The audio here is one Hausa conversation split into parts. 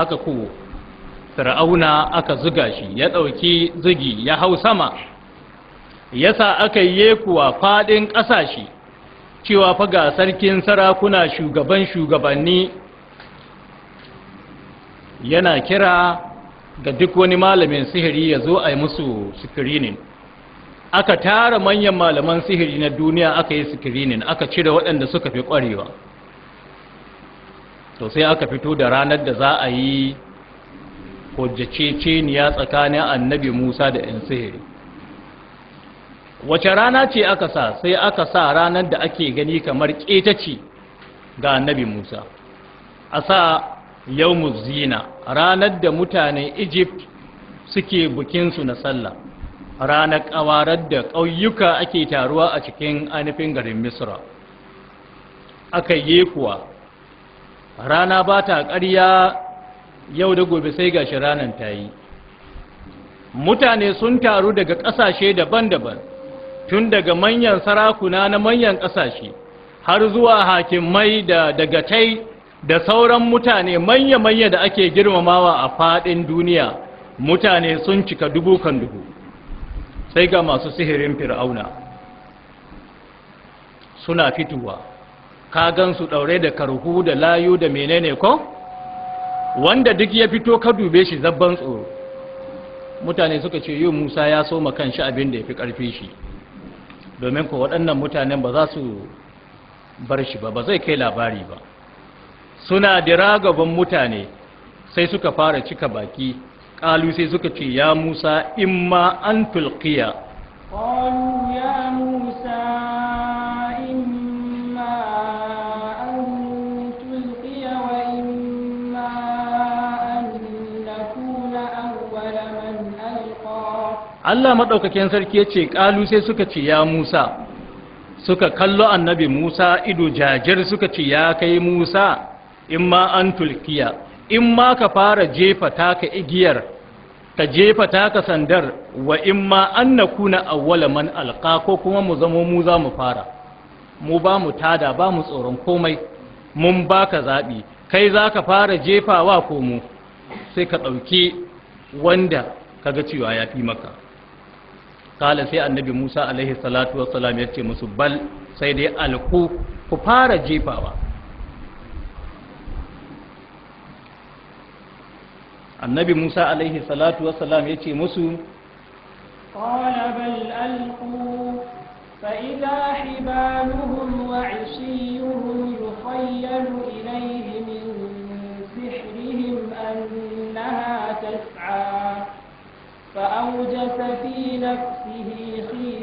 aka ku fir'auna aka zuga shi ya ɗauki zugi ya hau sama yasa aka yi kuwa faɗin ƙasashe cewa fa ga sarkin sarakuna shugaban shugabanni yana kira ga duk wani malamin sihiri ya zo a yi musu sikirinin aka tara manyan malaman sihiri na duniya aka yi sikirinin aka cire waɗanda suka fi ƙwarewa to sai aka fito da ranar da za a yi hujjaceceniya tsakanin annabi musa da 'yan sihiri wace rana ce aka sa sai aka sa ranar da ake gani kamar ƙetaci ga annabi musa a sa yau zina ranar da mutanen egypt suke su na sallah ranar ƙawarar da ƙauyuka ake taruwa a cikin ainihin garin misra aka yi kuwa rana ba ta ƙarya yau da gobe sai gashi ranan ta yi mutane sun taru daga ƙasashe daban-daban tun daga manyan sarakuna na manyan ƙasashe har zuwa hakimai da daga tai da sauran mutane manya-manya da ake girmamawa a faɗin duniya mutane sun cika dubu kan dubu sai ga masu sihirin fir'auna suna fitowa. ka gan su daure da karhu da layu da menene ko wanda duk ya fito ka dube shi zabban tsoro mutane suka ce yau musa ya so ma shi abin da ya fi karfi shi domin ko waɗannan mutanen ba za su bar shi ba ba zai kai labari ba suna dira gaban mutane sai suka fara cika baki ƙalu sai suka ce ya musa in ma an tulkiya ƙalu ya musa Allah maɗaukakin sarki ya ce ƙalu sai suka ce ya Musa suka kallo annabi Musa ido jajir suka ce ya kai Musa in ma an tulkiya in ma ka fara jefa taka igiyar ka jefa taka sandar wa in ma an na kuna awwala man alƙa ko kuma mu zamo mu za mu fara mu ba mu tada ba mu tsoron komai mun ba ka zaɓi kai za ka fara jefawa ko mu sai ka ɗauki wanda kaga cewa ya fi maka kala sai annabi musa alaihi salatu ya ce musu bal sai dai alku ku fara jefawa annabi musa alaihi salatu ya ce musu qala bal alqu fa idha hibaluhum wa isiyuhum yukhayyalu ilayhi min sihrihim annaha فأوجس في نفسه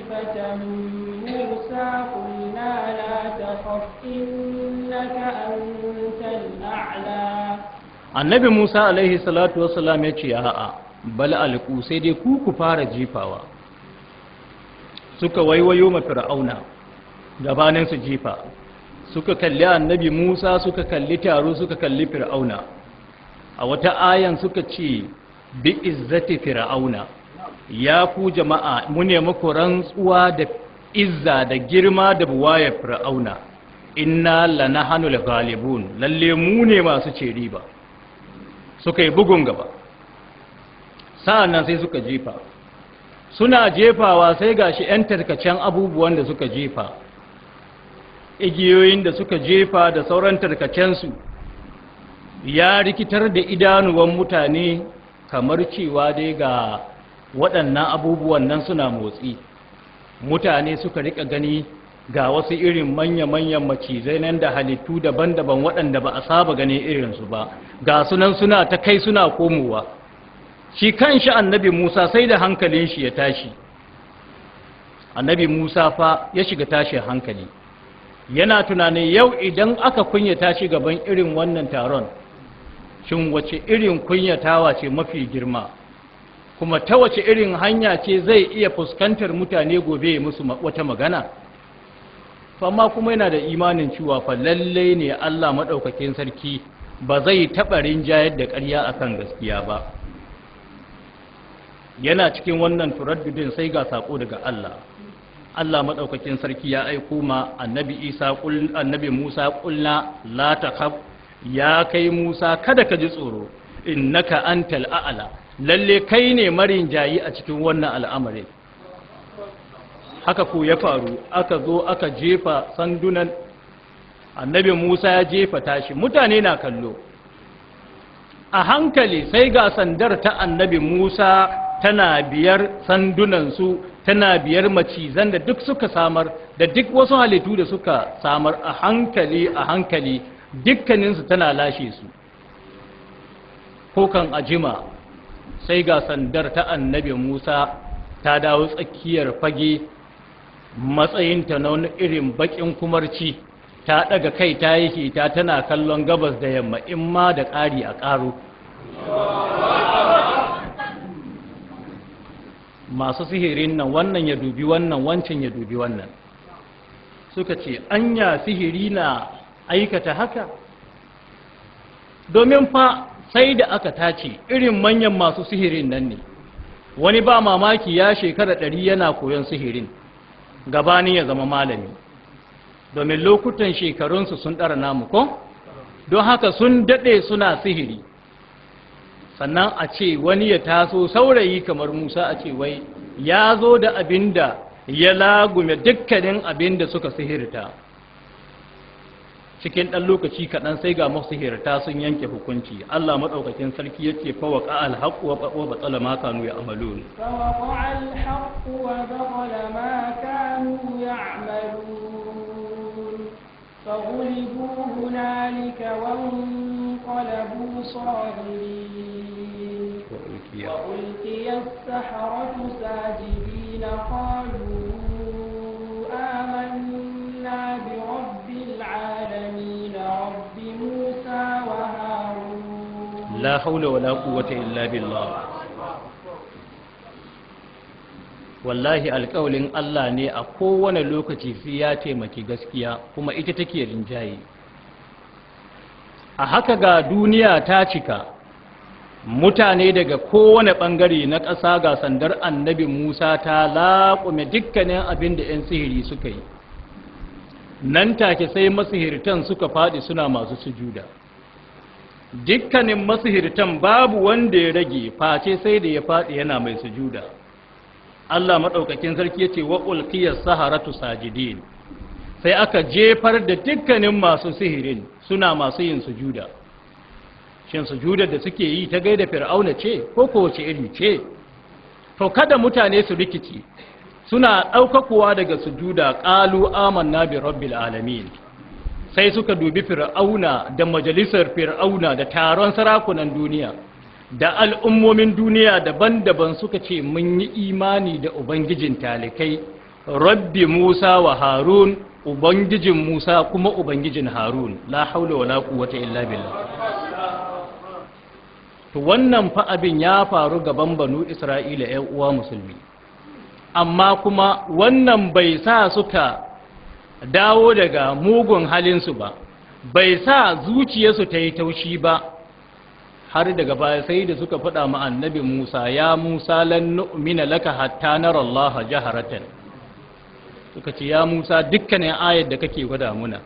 خيفة موسى قلنا لا تخف إنك أنت الأعلى annabi musa alaihi salatu wasalam ya ce a'a bal alku sai dai ku fara jifawa suka waiwayo ma fir'auna gabanin su jifa suka kalli annabi musa suka kalli taro suka kalli fir'auna a wata ayan suka ce bi izzati fir'auna ya ku jama'a mu ne muku rantsuwa da izza da girma da buwaya fir'auna inna lanahanul ghalibun lalle mu ne masu ce riba suka yi bugun gaba sa'annan sai suka jefa suna jefawa sai gashi yan tarkacen abubuwan da suka jefa igiyoyin da suka jefa da sauran tarkacensu ya rikitar da idanuwan mutane kamar cewa dai ga waɗannan abubuwan nan suna motsi mutane suka rika gani ga wasu irin manya-manyan macizai nan da halittu daban-daban waɗanda ba a saba gani irinsu ba ga sunan suna ta kai suna komowa shi kan shi annabi musa sai da hankalin shi ya tashi annabi musa fa ya shiga tashin hankali yana tunanin yau idan aka kunya tashi gaban irin wannan taron shin wace irin kunyatawa ce mafi girma kuma ta wace irin hanya ce zai iya fuskantar mutane gobe musu wata magana amma kuma yana da imanin cewa fa lalle ne Allah Maɗaukakin sarki ba zai taɓa rinjayar da ƙarya akan gaskiya ba yana cikin wannan turaddudin sai ga sako daga Allah Allah Maɗaukakin sarki ya aiko ma annabi Isa annabi Musa kulna la takhaf ya kai Musa kada ka ji tsoro innaka antal a'la lalle kai ne marin jayi a cikin wannan al'amarin haka ko ya faru aka zo aka jefa sandunan annabi Musa ya jefa tashi mutane na kallo a hankali sai ga sandar ta annabi Musa tana biyar sandunansu tana biyar macizan da duk suka samar da duk wasu halittu da suka samar a hankali a hankali dukkaninsu tana lashe su kokan ajima sai ga sandar ta annabi musa ta dawo tsakiyar fage matsayinta na wani irin bakin kumarci ta daga kai ta yi ta tana kallon gabas da yamma in ma da ƙari a ƙaro masu sihirin nan wannan ya dubi wannan wancan ya dubi wannan suka ce anya sihiri na aikata haka domin fa sai da aka tace irin manyan masu sihirin nan ne wani ba mamaki ya shekara ɗari yana koyon sihirin gabanin ya zama malami domin lokutan shekarunsu sun ɗara namu ko don haka sun daɗe suna sihiri sannan a ce wani ya taso saurayi kamar musa a ce wai ya zo da abin da ya lagume dukkanin abin da suka sihirta cikin ɗan lokaci kaɗan sai ga masihirta sun yanke hukunci Allah maɗaukakin sarki yake fawa ƙa'al haƙu wa ɓaɓo ba tsala ma kanu ya amalu وألقي السحرة ساجدين قالوا la haula wala quwwata illa billah wallahi alƙawalin Allah ne a kowane lokaci fi ya taimaki gaskiya kuma ita take rinjaye a haka ga duniya ta cika mutane daga kowane ɓangare na ƙasa ga sandar annabi musa ta laƙume dukkanin abin da 'yan sihiri suka yi nan take sai masihirtan suka faɗi suna masu sujuda dukkanin masihirtan babu wanda ya rage face sai da ya faɗi yana mai sujuda Allah maɗaukakin sarki ya ce wa ƙulƙiyar saharatu sajidin sai aka jefar da dukkanin masu sihirin suna masu yin sujuda shin sujuda da suke yi ta gaida fir'auna ce ko kowace iri ce to kada mutane su rikici suna ɗaukakowa daga sujuda ƙalu amanna bi rabbil alamin sai suka dubi fir'auna da majalisar fir'auna da taron sarakunan duniya da al'ummomin duniya daban-daban suka ce mun yi imani da ubangijin talikai rabbi musa wa harun ubangijin musa kuma ubangijin harun la haula wa wala quwwata illa billah to wannan fa abin ya faru gaban banu isra'ila 'yan uwa musulmi amma kuma wannan bai sa suka dawo daga mugun halinsu ba bai sa zuciyarsu ta yi taushi ba har daga baya sai da suka faɗa ma annabi Musa ya Musa lan nu'mina laka hatta nara Allah jaharatan suka ce ya Musa dukkanin ayar da kake gwada muna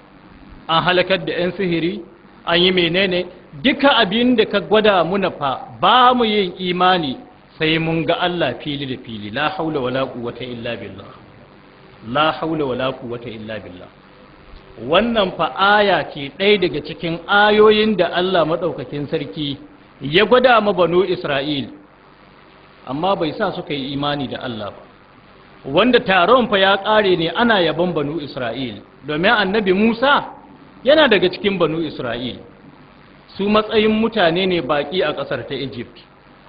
an halakar da 'yan sihiri an yi menene duka abin da ka gwada muna fa ba mu yin imani sai mun ga Allah fili da fili la haula wala quwwata illa billah la haula wala quwwata illa billah wannan fa aya ce ɗaya daga cikin ayoyin da Allah madaukakin sarki ya gwada ma banu Isra'il amma bai sa suka yi imani da Allah ba wanda taron fa ya ƙare ne ana yabon banu Isra'il domin annabi Musa yana daga cikin banu Isra'il su matsayin mutane ne baƙi a ƙasar ta Egypt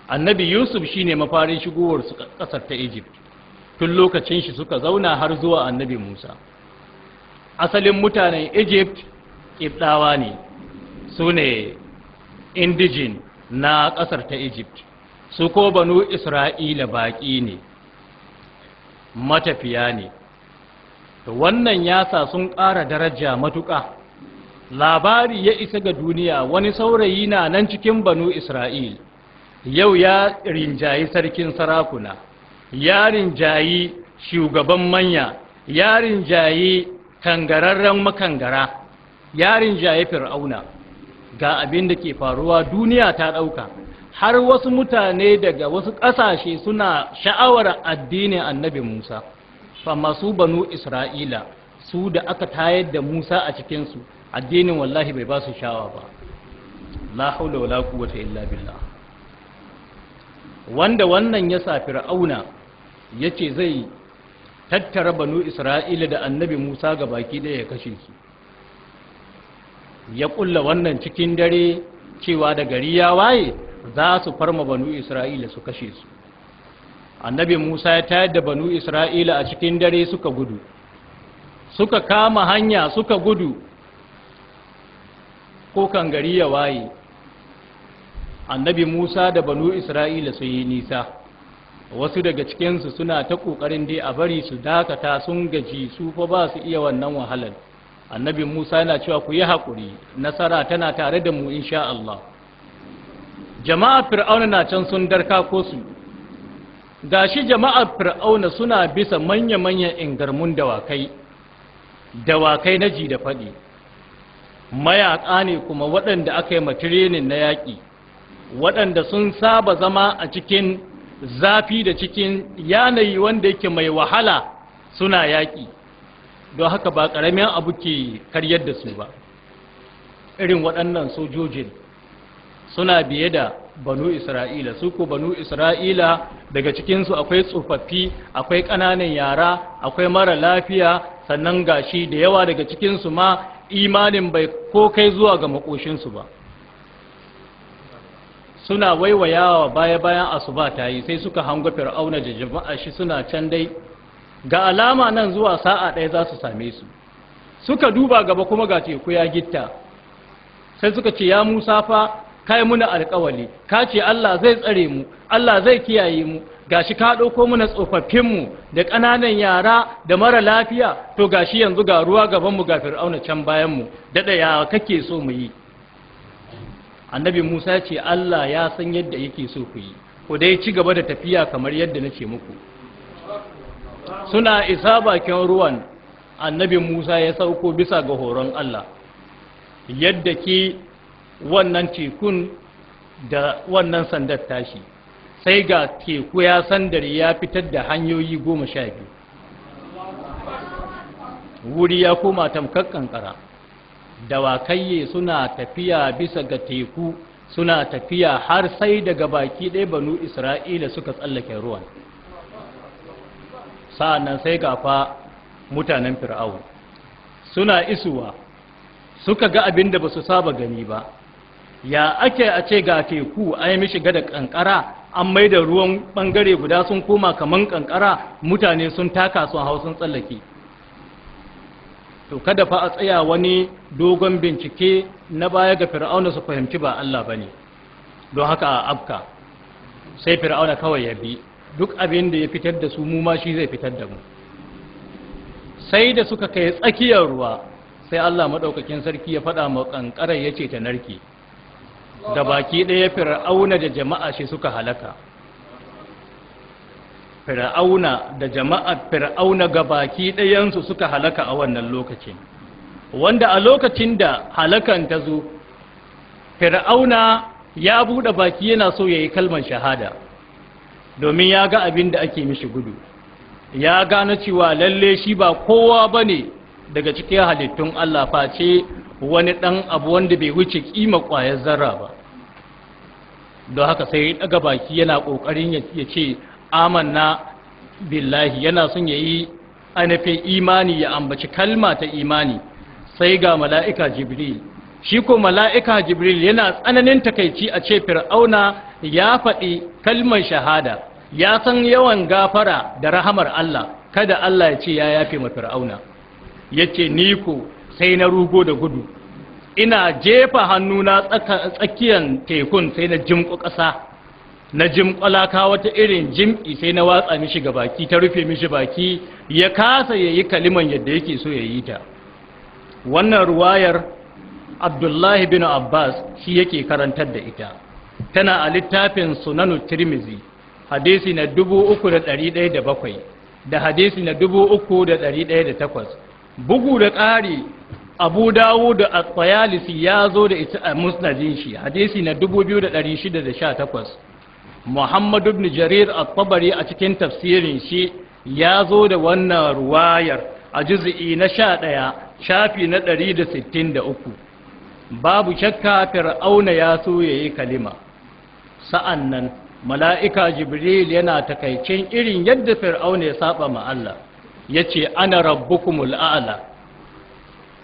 annabi Yusuf shine mafarin shigowar su ƙasar ta Egypt tun lokacin shi suka zauna har zuwa annabi Musa asalin mutanen Egypt Kibdawa ne su ne indijin na ƙasar ta Egypt su ko banu Isra'ila baƙi ne matafiya ne to wannan yasa sun ƙara daraja matuƙa labari ya isa ga duniya wani saurayi na nan cikin banu Isra'il yau ya rinjayi sarkin sarakuna yarin jayi shugaban manya yarin jayi kangararren makangara yarin jayi fir'auna ga abin da ke faruwa duniya ta ɗauka har wasu mutane daga wasu ƙasashe suna sha'awar addinin annabi musa fa su banu isra'ila su da aka tayar da musa a cikinsu addinin wallahi bai ba su sha'awa ba la haula wala quwwata illa billah wanda wannan ya sa fir'auna ya ce zai tattara banu isra'ila da annabi musa ga baki ɗaya ya kashe su ya ƙulla wannan cikin dare cewa da gari ya waye za su farma banu isra'ila su kashe su annabi musa ya tayar da banu isra'ila a cikin dare suka gudu suka kama hanya suka gudu ko kan gari ya waye annabi musa da banu isra'ila su yi nisa wasu daga cikinsu suna ta ƙoƙarin dai a bari su dakata sun gaji su fa ba su iya wannan wahalar annabi musa yana cewa ku yi haƙuri nasara tana tare da mu insha Allah jama'a fir'auna na can sun darka ko su gashi jama'ar fir'auna suna bisa manya-manyan ingarmun dawakai dawakai na ji da faɗi mayaƙa ne kuma waɗanda aka yi matirenin na yaƙi waɗanda sun saba zama a cikin zafi da cikin yanayi wanda yake mai wahala suna yaƙi don haka ba ƙaramin abu ke karyar da su ba irin waɗannan sojojin suna biye da banu isra'ila su ko banu isra'ila daga cikinsu akwai tsofaffi akwai ƙananan yara akwai mara lafiya sannan gashi da yawa daga cikinsu ma imanin bai ko kai zuwa ga makoshinsu ba suna waiwayawa baya bayan asuba ta yi sai suka hango fir'auna da jama'a shi suna can dai ga alama nan zuwa sa'a ɗaya za su same su suka duba gaba kuma ga teku ya gitta sai suka ce ya musa fa kai muna alkawali ka ce allah zai tsare mu allah zai kiyaye mu gashi ka ɗauko muna tsofaffinmu da ƙananan yara da mara lafiya to gashi yanzu ga ruwa gabanmu ga fir'auna can bayanmu daɗa ya kake so mu yi annabi musa ce allah ya san yadda yake so ku yi ku dai ci gaba da tafiya kamar yadda na ce muku suna isa bakin ruwan annabi musa ya sauko bisa ga horon allah yadda ke wannan tekun da wannan sandar tashi sai ga teku ya sandar ya fitar da hanyoyi goma sha biyu wuri ya koma tamkar kankara dawakaiye suna tafiya bisa ga teku suna tafiya har sai daga baki ɗaya banu isra'ila suka tsallake ruwan sa'annan sai gafa mutanen fir'aun suna isuwa suka ga abin da ba saba gani ba ya ake a ce ga teku a yi mishiga da ƙanƙara an mai da ruwan ɓangare guda sun koma kaman ƙanƙara mutane sun taka sun hau tsallake to kada fa a tsaya wani dogon bincike na baya ga fir'auna su fahimci ba Allah bane don haka a afka sai fir'auna kawai ya bi duk abin da ya fitar da su mu ma shi zai fitar da mu sai da suka kai tsakiyar ruwa sai Allah madaukakin sarki ya faɗa ma kankarar yace ta narki da baki ɗaya fir'auna da jama'a shi suka halaka fir'auna da jama'ar fir'auna baki ɗayansu suka halaka a wannan lokacin wanda a lokacin da halakan ta zo fir'auna ya buɗe baki yana so ya yi kalmar shahada domin ya ga abin da ake mishi gudu ya gane cewa lalle shi ba kowa ba ne daga cikin halittun Allah face wani ɗan abu wanda bai wuce kima ƙwayar zarra ba don haka sai ya ɗaga baki yana ƙoƙarin ya ce amanna billahi yana son ya yi anafin imani ya ambaci kalma ta imani sai ga mala'ika jibril shi ko mala'ika jibril yana tsananin takaici a ce fir'auna ya faɗi kalmar shahada ya san yawan gafara da rahamar Allah kada Allah ya ce ya yafe ma fir'auna ya ce ni ko sai na rugo da gudu ina jefa hannuna tsakiyan tekun sai na jimƙo ƙasa na jimƙwalaka wata irin jim'i sai na watsa mishi ga baki ta rufe mishi baki ya kasa ya yi kaliman yadda yake so ya yi ta wannan ruwayar abdullahi bin abbas shi yake karantar da ita tana a littafin sunanu tirmizi hadisi na 3,107 da hadisi na 3,108 bugu da ƙari abu dawo da a tsayalisi ya zo da ita a musnadin shi hadisi na 2,618 Muhammadu ibn jarir al tabari a cikin tafsirin shi ya zo da wannan ruwayar a juz'i na sha ɗaya shafi na ɗari da sittin da uku babu shakka fir'auna ya so ya yi kalima Sa'annan, nan mala'ika jibril yana takaicin irin yadda fir'auna ya saba ma Allah ya ce ana rabbukumul a'la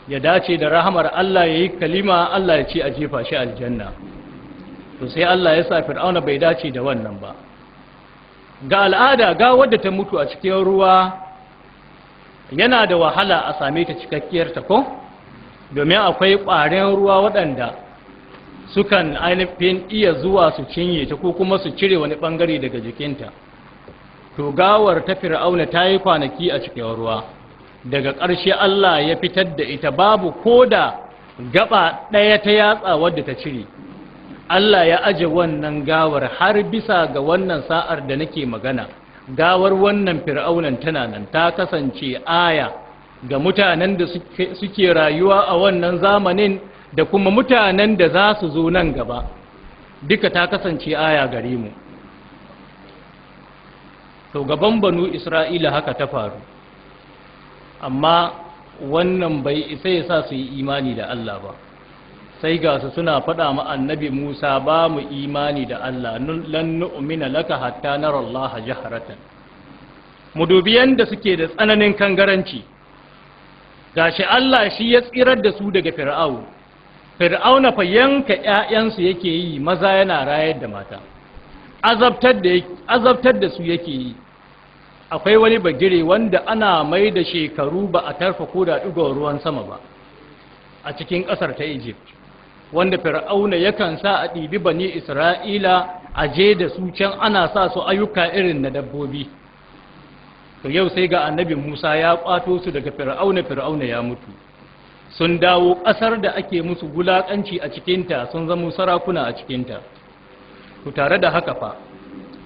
ya dace da rahamar Allah ya yi kalima Allah ya ce a jefa shi aljanna to sai Allah ya sa fir'auna bai dace da wannan ba ga al'ada ga wadda ta mutu a cikin ruwa yana da wahala a same ta cikakkiyar ta ko domin akwai ƙwarin ruwa waɗanda sukan ainihin iya zuwa su cinye ta ko kuma su cire wani ɓangare daga jikinta to gawar ta fir'auna ta yi kwanaki a cikin ruwa daga ƙarshe Allah ya fitar da ita babu ko da gaba ɗaya ta yatsa wadda ta cire Allah ya aje wannan gawar har bisa ga wannan sa'ar da nake magana gawar wannan fir'aunan tana nan ta kasance aya ga mutanen da suke rayuwa a wannan zamanin da kuma mutanen da za su zo nan gaba duka ta kasance aya gare mu to gaban banu isra'ila haka ta faru amma wannan bai isa ya sa su yi imani da Allah ba sai ga su suna faɗa ma annabi Musa ba mu imani da Allah lan nu'mina laka hatta nara Allah jahratan mu dubi yanda suke da tsananin kangaranci gashi Allah shi ya tsirar da su daga fir'au fir'auna fa yanka ƴaƴansu yake yi maza yana rayar da mata azabtar da azabtar da su yake yi akwai wani bagire wanda ana mai da shekaru ba a tarfa ko da ɗigon ruwan sama ba a cikin ƙasar ta Egypt wanda fir'auna yakan sa a ɗibi bani isra'ila a je da su can ana sa su ayyuka irin na dabbobi to yau sai ga annabi musa ya ƙwato su daga fir'auna fir'auna ya mutu sun dawo ƙasar da ake musu gulaƙanci a cikinta sun zama sarakuna a cikinta ku tare da haka fa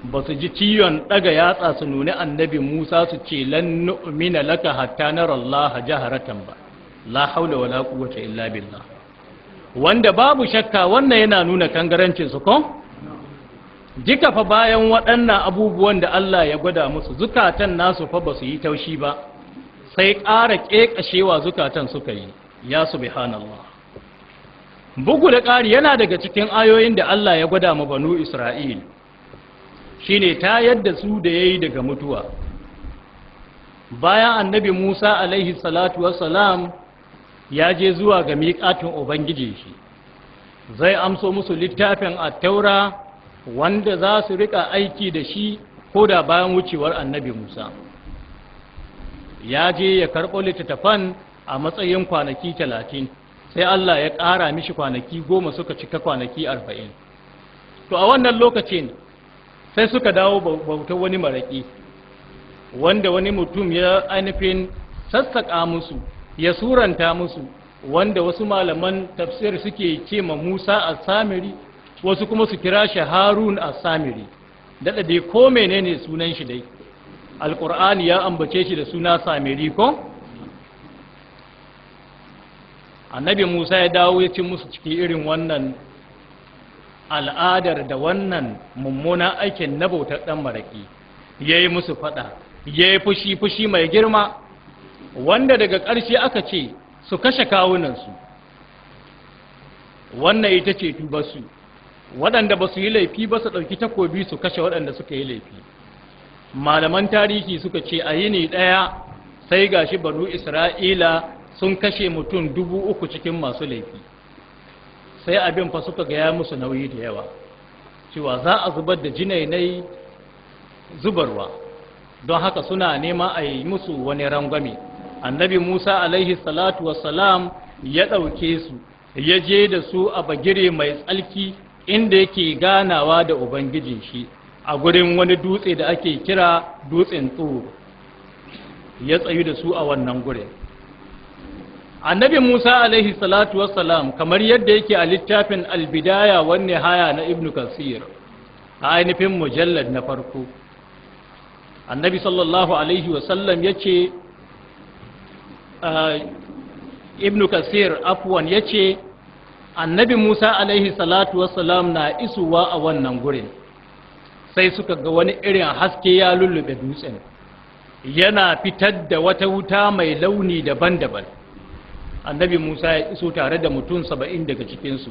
ba su ji ciyon ɗaga yatsa su nuni annabi musa su ce lan nu'mina laka hatta narallaha jaharatan ba la haula wala quwwata illa billah wanda babu shakka wannan yana nuna kangarancin su ko jika fa bayan waɗannan abubuwan da Allah ya gwada musu zukatan nasu fa ba su yi taushi ba sai ƙara ƙeƙashewa zukatan suka yi ya subhanallah bugu da ƙari yana daga cikin ayoyin da Allah ya gwada ma banu Isra'il shine ta yadda su da yayi daga mutuwa bayan annabi Musa alaihi salatu wassalam ya je zuwa ga miƙatin ubangiji shi zai amso musu littafin a taura wanda za su riƙa aiki da shi ko da bayan wucewar annabi musa ya je ya karɓo littattafan a matsayin kwanaki talatin sai allah ya ƙara mishi kwanaki goma suka cika kwanaki arba'in to a wannan lokacin sai suka dawo bautar wani maraƙi wanda wani mutum ya ainihin sassaƙa musu ya suranta musu wanda wasu malaman tafsir suke ce ma Musa al samiri wasu kuma su kira shi Harun al samiri dada dai ko menene sunan shi dai Al-Qur'ani ya ambace shi da suna Samiri ko annabi Musa ya dawo ya ci musu cikin irin wannan al'adar da wannan mummuna aikin na bautar dan maraki yayi musu fada yayi fushi fushi mai girma wanda daga ƙarshe aka ce su kashe kawunansu wannan ita ce su. waɗanda ba su yi laifi ba su ɗauki takobi su kashe waɗanda suka yi laifi malaman tarihi suka ce a yi ne ɗaya sai gashi banu isra'ila sun kashe mutum dubu uku cikin masu laifi sai abin fa suka gaya musu nauyi da yawa cewa za a zubar da jinainai zubarwa don haka suna nema a yi musu wani rangwame annabi Musa alaihi salatu salam ya ɗauke su ya je da su a bagire mai tsalki inda yake ganawa da ubangijin shi a gurin wani dutse da ake kira dutsen tsoro ya tsayu da su a wannan gurin annabi Musa alaihi salatu salam kamar yadda yake a littafin albidaya wanne haya na ibnu kasir a ainihin mujallad na farko annabi sallallahu alaihi wasallam ya ce Ibn kasir afwan ya ce annabi musa alaihi salatu salam na isuwa a wannan gurin sai suka ga wani irin haske ya lullube dutsen yana fitar da wata wuta mai launi daban-daban annabi musa ya iso tare da mutum saba'in daga cikinsu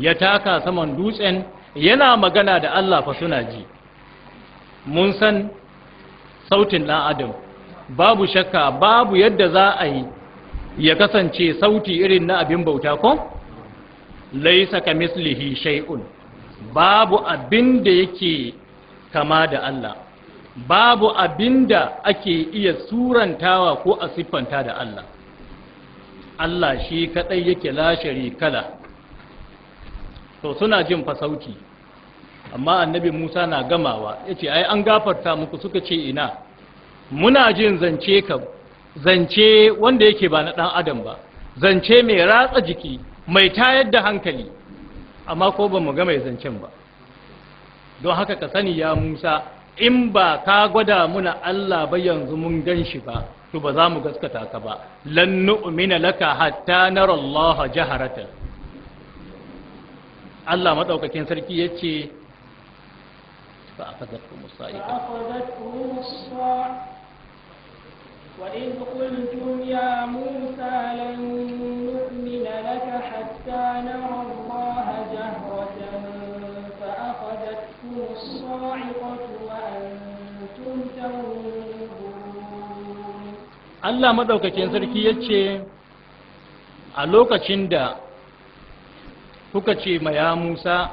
ya taka saman dutsen yana magana da allah fa suna ji mun san sautin ɗan adam babu shakka babu yadda za a yi ya kasance sauti irin na abin bauta ko laisa ka mislihi shay'un babu abin da yake kama da Allah babu abin da ake iya surantawa ko a siffanta da Allah Allah shi kadai yake la kala to suna jin fa sauti amma annabi Musa na gamawa yace ai an gafarta muku suka ce ina muna jin zance ka zance wanda yake ba na ɗan adam ba zance mai ratsa jiki mai tayar da hankali amma ko ba mu ga mai zancen ba don haka ka sani ya musa in ba ka gwada muna allah ba yanzu mun gan shi ba to ba za mu gaskata ka ba lan nu'mina laka hatta nara allah jaharata allah maɗaukakin sarki ya ce فأخذتهم الصاعقة وإذ قلتم يا موسى لن نؤمن لك حتى نرى الله جهرة فأخذتكم الصاعقة وأنتم تنظرون الله a lokacin da kuka ce ma ya Musa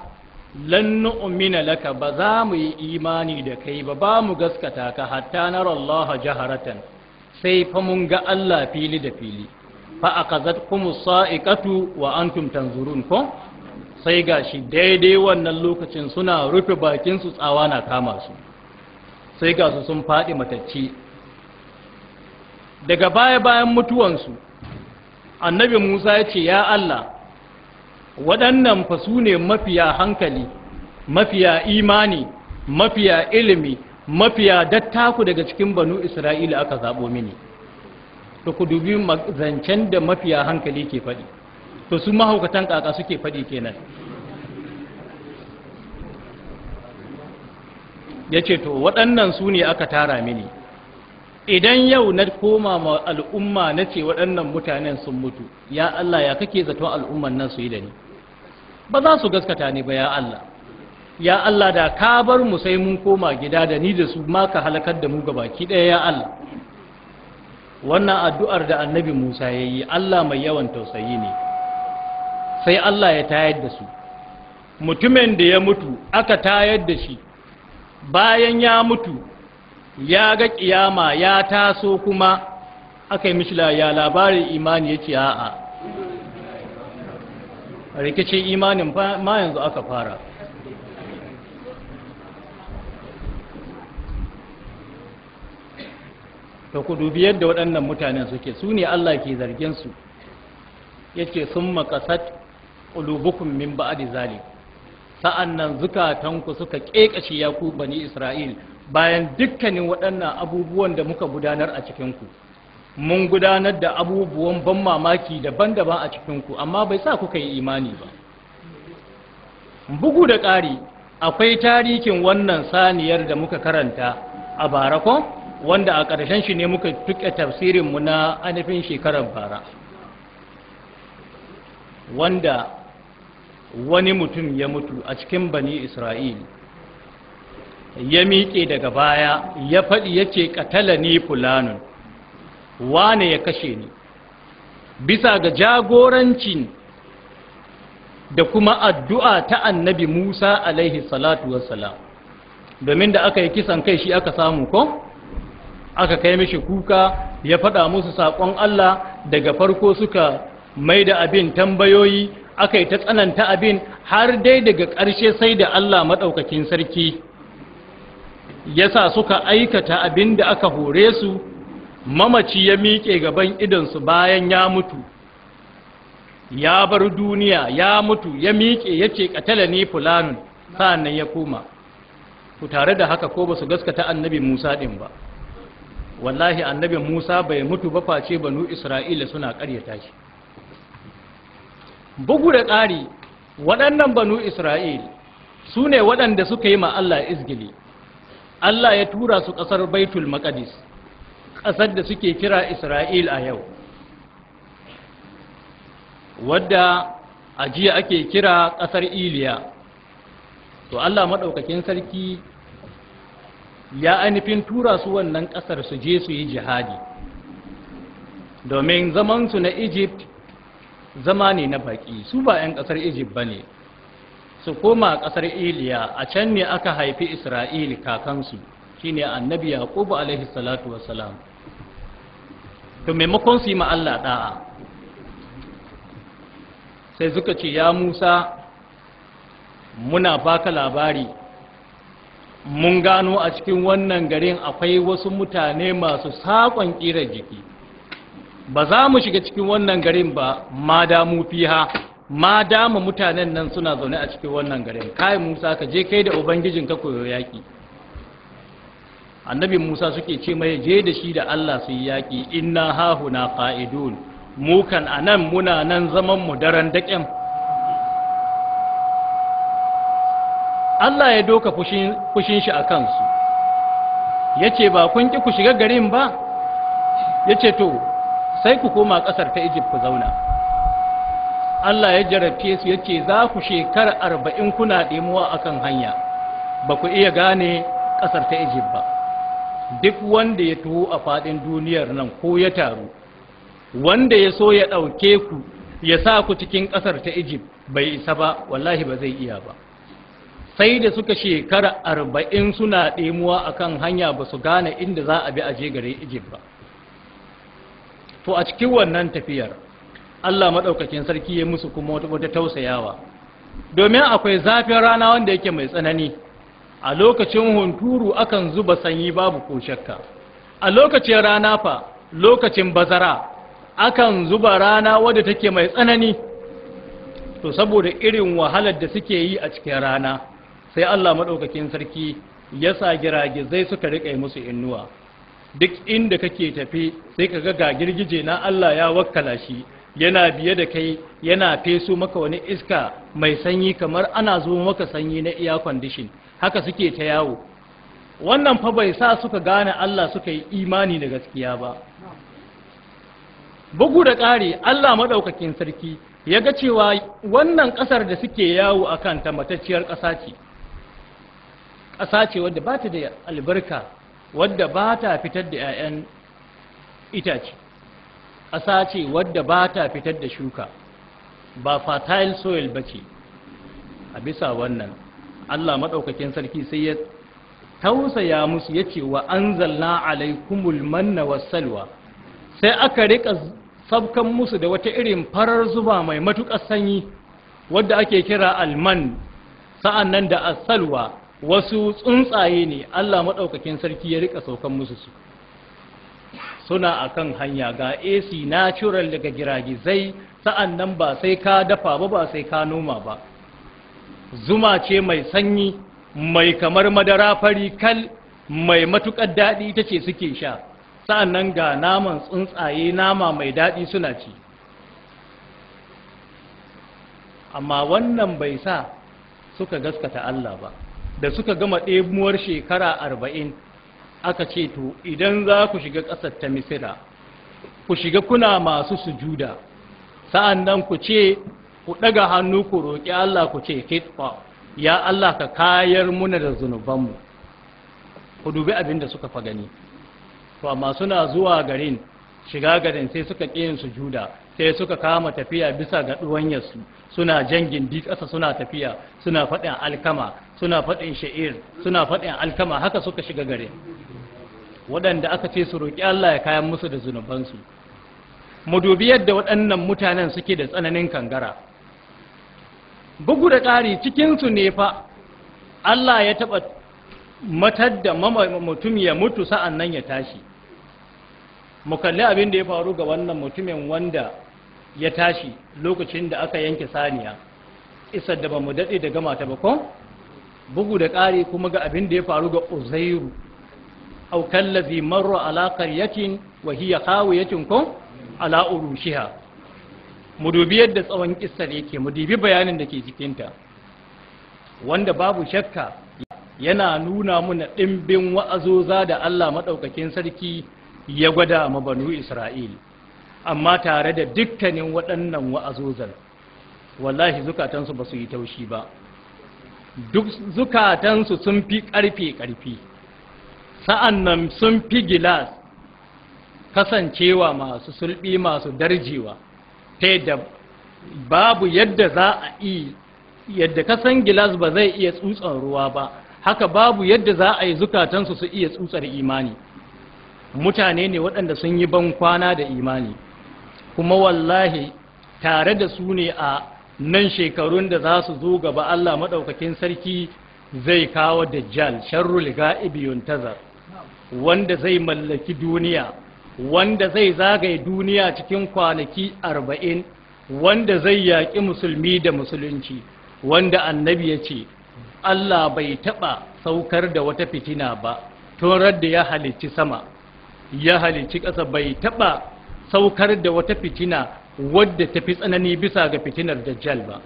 lannu umina laka ba za mu yi imani da kai ba ba mu gaskata ka hatta nara Allah jaharatan sai fa mun ga Allah fili da fili fa kum sa'iqatu wa antum tanzurun ko sai gashi daidai wannan lokacin suna rufe bakin su tsawa na kama su sai ga sun faɗi matacci daga baya bayan mutuwan su annabi Musa ya ce ya Allah waɗannan fa su ne mafiya hankali mafiya imani mafiya ilimi mafiya dattaku daga cikin banu isra'ila aka zaɓo mini to ku dubi zancen da mafiya hankali ke faɗi to su mahaukatan ƙaƙa suke faɗi kenan ya ce to waɗannan su ne aka tara mini idan yau na koma ma al'umma na ce waɗannan mutanen sun mutu ya Allah ya kake zaton al'umman nan su yi da ni ba za su gaskata ne ba ya Allah ya Allah da ka bar mu sai mun koma gida da ni da su ma ka halakar da mu gabaki ɗaya ya Allah wannan addu'ar da annabi Musa ya yi Allah mai yawan tausayi ne sai Allah ya tayar da su mutumin da ya mutu aka tayar da shi bayan ya mutu ya ga ƙiyama ya taso kuma aka yi mishila ya labarin imani ya ce a'a rikicin imanin ma yanzu aka fara to ku dubi yadda waɗannan mutane suke su ne Allah ke zargin su yace sun makasat ƙulubukun min zali sa'an sa'annan zukatanku suka ƙeƙashi ya ku bani Isra'il bayan dukkanin waɗannan abubuwan da muka gudanar a cikinku. mun gudanar da abubuwan ban mamaki daban-daban a cikinku, amma bai sa kuka yi imani ba bugu da ƙari akwai tarihin wannan saniyar da muka karanta a barakon wanda a ƙarshen shi ne muka tuƙe tafsirinmu na anifin shekarar bara wanda wani mutum ya mutu a cikin bani isra'il ya miƙe daga baya ya faɗi ya ce ƙatala ni fulanun wane ya kashe ni bisa ga jagorancin da kuma addu'a ta annabi musa alaihi salatu salam. domin da aka yi kisan kai shi aka samu ko? aka kai mishi kuka ya faɗa musu saƙon Allah daga farko suka mai da abin tambayoyi aka yi ta tsananta abin har dai daga ƙarshe sai da Allah maɗaukakin sarki ya sa suka aikata abin da aka hore su mamaci ya miƙe gaban idansu bayan ya mutu ya bar duniya ya mutu ya miƙe ya ce ƙatala ne fulanun sa'an ya koma ku tare da haka ko ba su gaskata annabi musa ɗin ba wallahi annabi Musa bai mutu ba face banu Isra'ila suna ƙaryata tashi. bugu da ƙari waɗannan banu Isra'il su ne waɗanda suka yi ma Allah izgili Allah ya tura su ƙasar Baitul Maqdis ƙasar da suke kira Isra'il a yau wadda a jiya ake kira ƙasar Iliya to Allah maɗaukakin sarki ya ainihin tura su wannan ƙasar su je su yi jihadi domin zamansu na egypt zama ne na baƙi su ba 'yan ƙasar egypt ba ne su koma ƙasar iliya a can ne aka haifi isra'il kakansu shine annabi yaqubu alaihi salatu wassalam to maimakon su yi ma Allah da'a sai suka ce ya Musa muna baka labari mun gano a cikin wannan garin akwai wasu mutane masu saƙon ƙirar jiki ba za mu shiga cikin wannan garin ba ma damu fiha ma dama mutanen nan suna zaune a cikin wannan garin kai musa ka je kai da ubangijin ka koyo yaƙi annabi musa suke ce mai je da shi da allah su yi yaƙi inna hahuna qa'idun mukan kan anan muna nan zaman mu daren daƙen Allah ya doka fushin shi a kansu ya ce ba kun ƙi ku shiga garin ba ya ce to sai ku koma ƙasar ta egypt ku zauna Allah ya jarabce su ya ce za ku shekar arba'in kuna ɗimuwa a kan hanya ba ku iya gane ƙasar ta egypt ba duk wanda ya tuho a faɗin duniyar nan ko ya taru wanda ya so ya ɗauke ku ya sa ku cikin ƙasar ta egypt bai isa ba wallahi ba zai iya ba sai da suka shekara arba'in suna ɗemuwa a kan hanya ba su gane inda za a bi a je gare Egypt ba to a cikin wannan tafiyar Allah maɗaukakin sarki ya musu kuma wata tausayawa domin akwai zafin rana wanda yake mai tsanani a lokacin hunturu akan zuba sanyi babu ko shakka a lokacin rana fa lokacin bazara akan zuba rana wadda take mai tsanani to saboda irin wahalar da suke yi a cikin rana sai Allah maɗaukakin sarki ya sa giragizai suka riƙa musu innuwa duk inda kake tafi sai ka ga girgije na Allah ya wakkala shi yana biye da kai yana feso maka wani iska mai sanyi kamar ana zo maka sanyi na iya kwandishin haka suke ta yawo wannan fa bai sa suka gane Allah suka yi imani da gaskiya ba bugu da ƙari Allah maɗaukakin sarki ya ga cewa wannan ƙasar da suke yawo a kan ta matacciyar ƙasa ce ƙasa ce wadda ba ta da albarka wadda ba ta fitar da 'ya'yan itace ƙasa ce wadda ba ta fitar da shuka ba fertile soil ba ce a bisa wannan allah maɗaukakin sarki sai ya tausaya musu ya ce wa an zalla alaikumul manna wasalwa sai aka riƙa sabkan musu da wata irin farar zuba mai matuƙar sanyi wadda ake kira alman sa'an nan da asalwa wasu tsuntsaye ne Allah maɗaukakin sarki ya rika saukan musu su suna akan hanya ga AC natural daga giragizai sa'an nan ba sai ka dafa ba ba sai ka noma ba zuma ce mai sanyi mai kamar madara fari kal mai matuƙar daɗi ita ce suke sha sa'an nan ga naman tsuntsaye nama mai daɗi suna ci amma wannan bai sa suka gaskata Allah ba da suka gama ɗebuwar shekara arba'in aka ce to idan za ku shiga ƙasar ta misira ku shiga kuna masu sujuda sa'an nan ku ce ku ɗaga hannu ku roƙi Allah ku ce fitfa ya Allah ka kayar muna da zunubanmu ku dubi abin da suka fa gani to amma suna zuwa garin shiga garin sai suka ƙi sujuda sai suka kama tafiya bisa ga ɗuwanyarsu suna jan gindi ƙasa suna tafiya suna faɗin alkama suna faɗin sha'ir suna faɗin alkama haka suka shiga gare waɗanda aka ce su roƙi Allah ya kayan musu da zunubansu mu dubi yadda waɗannan mutanen suke da tsananin kangara bugu da ƙari cikin su ne fa Allah ya taɓa matar da mutum ya mutu sa'an nan ya tashi mu kalli abin da ya faru ga wannan mutumin wanda ya tashi lokacin da aka yanke saniya isar da ba mu daɗe da gama ta ba ko bugu da ƙari kuma ga abin da ya faru ga uzairu au kallazi marra ala qaryatin wa hiya qawiyatin kun ala urushiha mu dubi yadda tsawon kissar yake mu dubi bayanin da ke ta wanda babu shakka yana nuna muna dimbin wa'azoza da Allah madaukakin sarki ya gwada ma banu Isra'il amma tare da dukkanin waɗannan wa'azozan wallahi zukatansu ba su yi taushi ba duk zukatansu sun fi ƙarfe-ƙarfe, sa'an nan sun fi gilas kasancewa masu sulɓi masu darjewa ta yadda babu yadda za a yi yadda kasan gilas ba zai iya tsutsar ruwa ba haka babu yadda za a yi zukatansu su iya tsutsar imani mutane ne waɗanda sun yi ban kwana da imani kuma wallahi tare da su ne a nan shekarun da za su zo gaba Allah maɗaukakin sarki zai kawo dajjal liga ibiyun tazar, wanda zai mallaki duniya wanda zai zagaye duniya cikin kwanaki arba'in wanda zai yaƙi musulmi da musulunci wanda annabi ya ce Allah bai taɓa saukar da wata fitina ba tun radda ya halicci sama ya halicci ƙasa bai taɓa saukar da wata fitina wadda ta fi tsanani bisa ga fitinar dajjal ba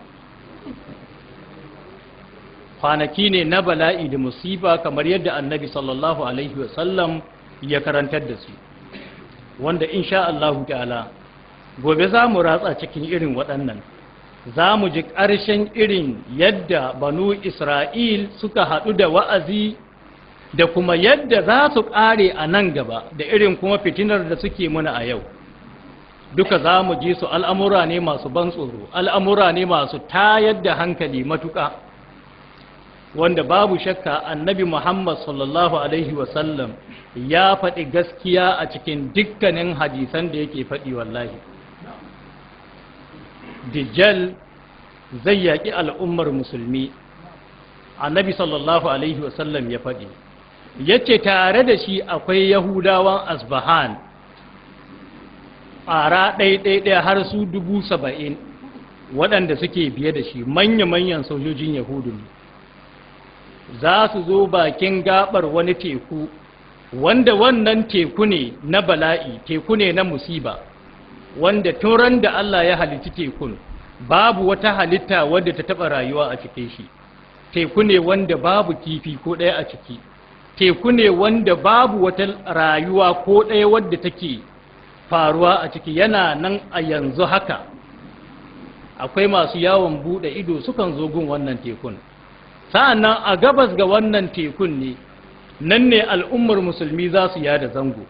kwanaki ne na bala'i da musiba kamar yadda annabi sallallahu alaihi wasallam ya karantar da su wanda insha Allahu ta'ala gobe za mu ratsa cikin irin waɗannan za mu ji ƙarshen irin yadda banu isra'il suka haɗu da wa'azi da kuma yadda za su ƙare a nan gaba da irin kuma fitinar da suke muna a yau duka za mu ji su al'amura ne masu ban tsoro al'amura ne masu tayar da hankali matuƙa wanda babu shakka annabi muhammad sallallahu alaihi wasallam ya faɗi gaskiya a cikin dukkanin hadisan da yake faɗi wallahi dijjal zai yaƙi al'ummar musulmi annabi sallallahu alaihi wasallam ya faɗi ya ce tare da shi akwai yahudawan asbahan fara ɗaiɗaiɗaya har su dubu saba'in waɗanda suke biye da shi manya-manyan sojojin yahudu ne za su zo bakin gaɓar wani teku wanda wannan teku ne na bala'i teku ne na musiba wanda turan da Allah ya halitta tekun babu wata halitta wadda ta taɓa rayuwa a cike shi teku ne wanda babu kifi ko ɗaya a ciki teku ne wanda babu wata rayuwa ko ɗaya wadda take faruwa a ciki yana nan a yanzu haka akwai masu yawon bude ido sukan zo gun wannan tekun sa'an nan a gabas ga wannan tekun ne nan ne al'ummar musulmi za su yada zango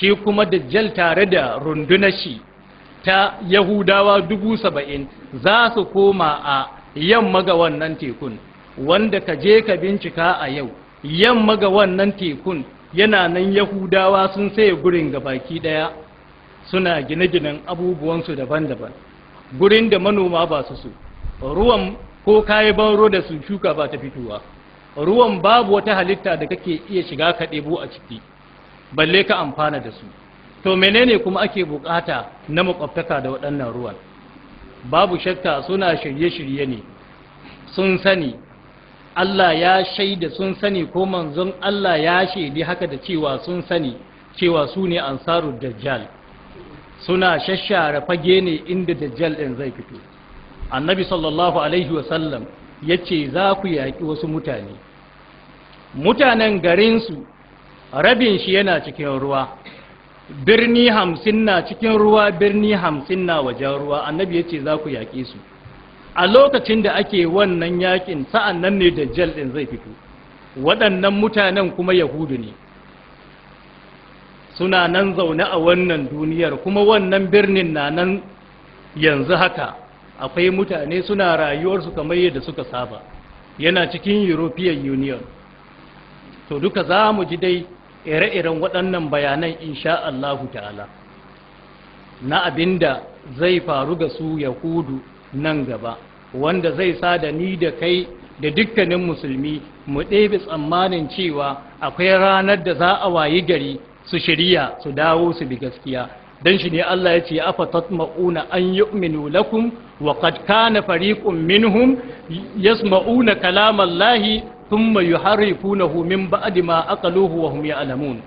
shi kuma dajjal tare da rundunar shi ta yahudawa dubu saba'in za su koma a yamma ga wannan tekun wanda ka je ka bincika a yau yamma ga wannan tekun yana nan yahudawa sun saye gurin ga baki ɗaya suna gine-ginen abubuwansu daban-daban gurin da manoma ba su su ruwan ko kayi banro da su shuka ba ta fitowa ruwan babu wata halitta da kake iya shiga ka ɗebo a ciki balle ka amfana da su to menene kuma ake bukata na makwabtaka da waɗannan ruwan babu shakka suna shirye-shirye ne sun sani Allah ya shaida sun sani ko manzon Allah ya shaidi haka da cewa sun sani cewa su ne ansarud dajjal suna shashshara fage ne inda dajjal ɗin zai fito annabi sallallahu alaihi wasallam ya ce za ku yaƙi wasu mutane mutanen garinsu rabin shi yana cikin ruwa birni hamsin na cikin ruwa birni hamsin na wajen ruwa annabi ya ce za ku yaƙe su a lokacin da ake wannan yaƙin sa'an nan ne dajjal ɗin zai fito waɗannan mutanen kuma yahudu ne suna nan zaune a wannan duniyar kuma wannan birnin na nan yanzu haka akwai mutane suna rayuwarsu kamar yadda suka saba yana cikin european union to duka za mu ji dai ire-iren waɗannan bayanan insha Allahu ta'ala na abinda zai faru ga su yahudu nan gaba wanda zai sa da ni da kai da dukkanin musulmi mu ɗebe tsammanin cewa akwai ranar da za a wayi gari su shirya su dawo su bi gaskiya dan shi ne Allah ya ce afa tatma'una an yu'minu lakum wa qad kana fariqun minhum yasma'una kalam Allah thumma yuharrifunahu min ba'di ma aqaluhu wa hum ya'lamun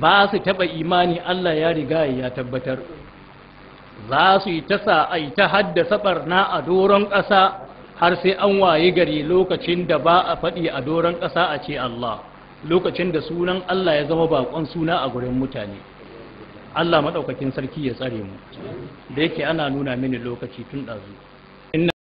ba su taba imani Allah ya riga ya tabbatar za su yi ta sa'ai ta haddasa barna a doron ƙasa har sai an waye gari lokacin da ba a faɗi a doron ƙasa a ce Allah lokacin da sunan Allah ya zama bakon suna a gurin mutane Allah maɗaukakin sarki ya tsare mu da yake ana nuna mini lokaci tun ɗazu